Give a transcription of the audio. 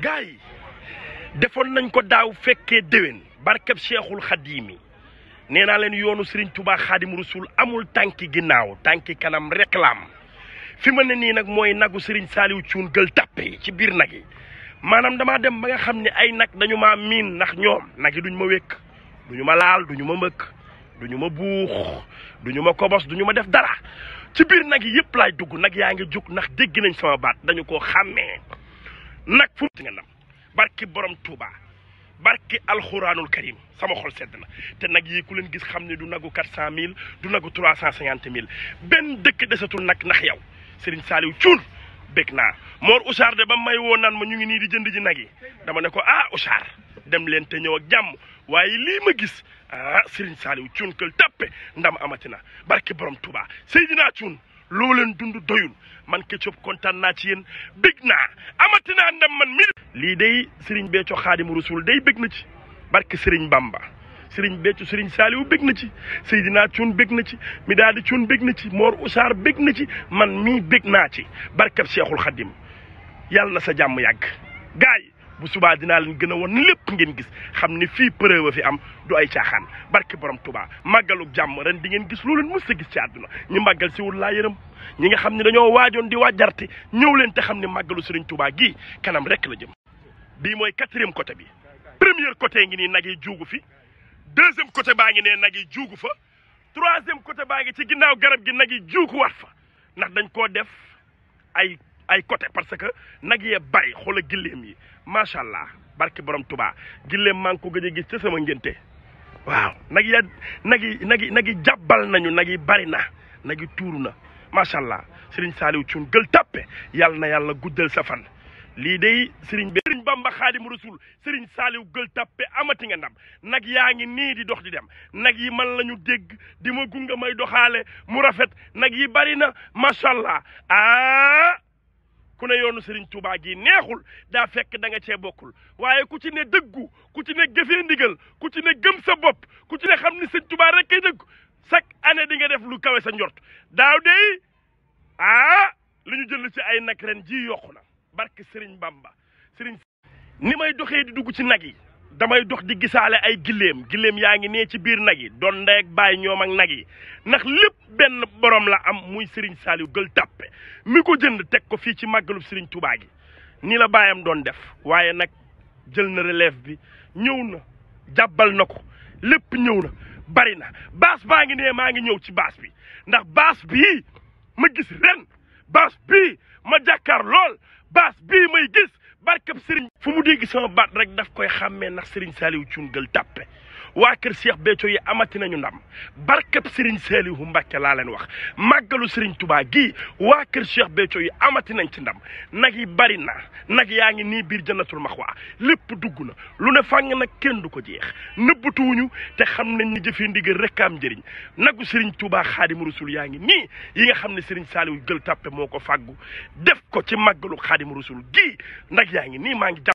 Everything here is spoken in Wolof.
gars yi defoon nañ ko daaw fekkee déwén barkeb cheikhul xadiimi nee naa leen yoonu tubaax Touba xaadim Rasul amul tànki ginnaaw tànki kanam réclame fi ma ne nii nag mooy nagu Serigne Saliou Thioune gël tàppe ci biir nag yi maanaam damaa dem ba nga xam ne ay nag dañu maa miin ndax ñoom nag yi duñu ma wékk duñu ma laal duñu ma mëkk duñu ma buux duñu ma kobos duñu ma def dara ci biir nag yi yëpp laay dugg nag yaa ngi jug ndax dégg nañ sama baat dañu ko xàmmee nag fu nga ndam barki borom Touba barki alxuraanul karim sama xol sedd na te nag yi ku leen gis xam ne du nagu quatre cent mille du nagu trois cent cinquante mille benn dëkk desatul nag ndax yow Serigne Saliou Thioune bég naa Mor Oussar de ba may woo naan ma ñu ngi nii di jënd ji nag yi dama ne ko ah Oussar dem leen te ñëw ak jàmm waaye lii ma gis ah Serigne Saliou Thioune kël tàppe ndam amati na barki borom Touba Seydina Thioune loo leen dund doyul man Ketchup kontaan naa ci yéen bég naa amati àndam man lii day sëriñ Béthio Xaadimu Rasuul day bég na ci barke sëriñ Bamba sëriñ Béthio sëriñ Saaliwu bég na ci Seydina Cuun bég na ci Midaadi Cuun bég na ci Moor Usaar bég na ci man mii bég naa ci barke Seexul Xadim yàlla na sa jàmm yàgg gaay bu subaa dinaa leen gën a won lépp ngeen gis xam ne fii preuve fi am du ay caaxaan barki borom tubaa màggalu jàmm ren di ngeen gis lu leen mës a gis ci adduna ñu màggal si wul laa yërëm ñi nga xam ne dañoo waajoon di wàjjarte ñëw leen te xam ne màggalu sëriñ tubaa gi kanam rek la jëm bii mooy quatrième côté bi premier côté ngi ni nag yi juugu fi deuxième côté baa ngi ne nag yi juugu fa troisième côté baa ngi ci ginnaaw garab gi nag yi juugu waat fa ndax dañ koo def ay ay côté parce que nag yee bari a gilleem yi macha allah barki borom tubaa gilleem maa ngi ko gëj a gis ca sama ngénte waaw nag ya nag yi nag yi nag yi jàbbal nañu nag yi bari na nag yi tuur na macha allah Serigne Saliou Thioune gël tàppe yàlla na yàlla guddal sa fan lii day Serigne bi Serigne Bamba Xaadim Rasul Serigne Saliou gël tàppe amati nga ndam nag yaa ngi nii di dox di dem nag yi man lañu dégg di ma gunga may doxaale mu rafet nag yi bari na macha ku ne yoonu Serigne Touba gi neexul daa fekk da nga cee bokkul waaye ku ci ne dëggu ku ci ne gëfee ndigal ku ci ne gëm sa bopp ku ci ne xam ni Serigne Touba rek kay dëggu chaque année di nga def lu kawe sa njort daaw de ah li ñu jël ci ay nag ren ji yokku na barke Serigne Bamba Serigne. ni may doxee di dugg ci nag yi. damay dox di gisaale ay giléem giléem yaa ngi nee ci biir nag yi doon ndey ak baay ñoom ak nag yi ndax lépp benn borom la am muy Serigne Saliou Gueule Tapée mi ko jënd teg ko fii ci màggalub Serigne Touba gi nii la baayam doon def waaye nag jël na relève bi ñëw na jàbbal na ko lépp ñëw na bari na baas baa ngi ne maa ngi ñëw ci baas bi ndax baas bii ma gis ren baas bii ma jàkkaar lool baas bii may gis barkab sëriñ fu mu dégg sama baat rek daf koy xàmmee ndax sëriñ saali wu Gueule Tapée waa kër Cheikh Béthio yi amati nañu ndam barkab Serigne Saliou Mbacké laa leen wax màggalu Serigne tubaa gii waa kër Cheikh Béthio yi amati nañ ci ndam nag yi bari na nag yaa ngi nii biir jannatul maxwa lépp dugg na lu ne fàng nag kenn du ko jeex nëbbatuwuñu te xam nañ ni jëfee ndigal rek am njëriñ nagu Serigne Touba Xaadimu Rasul yaa ngi nii yi nga xam ne Serigne Saliou Gueule Tapée moo ko fàggu def ko ci màggalu Xaadimu Rasul gii nag yaa ngi nii maa ngi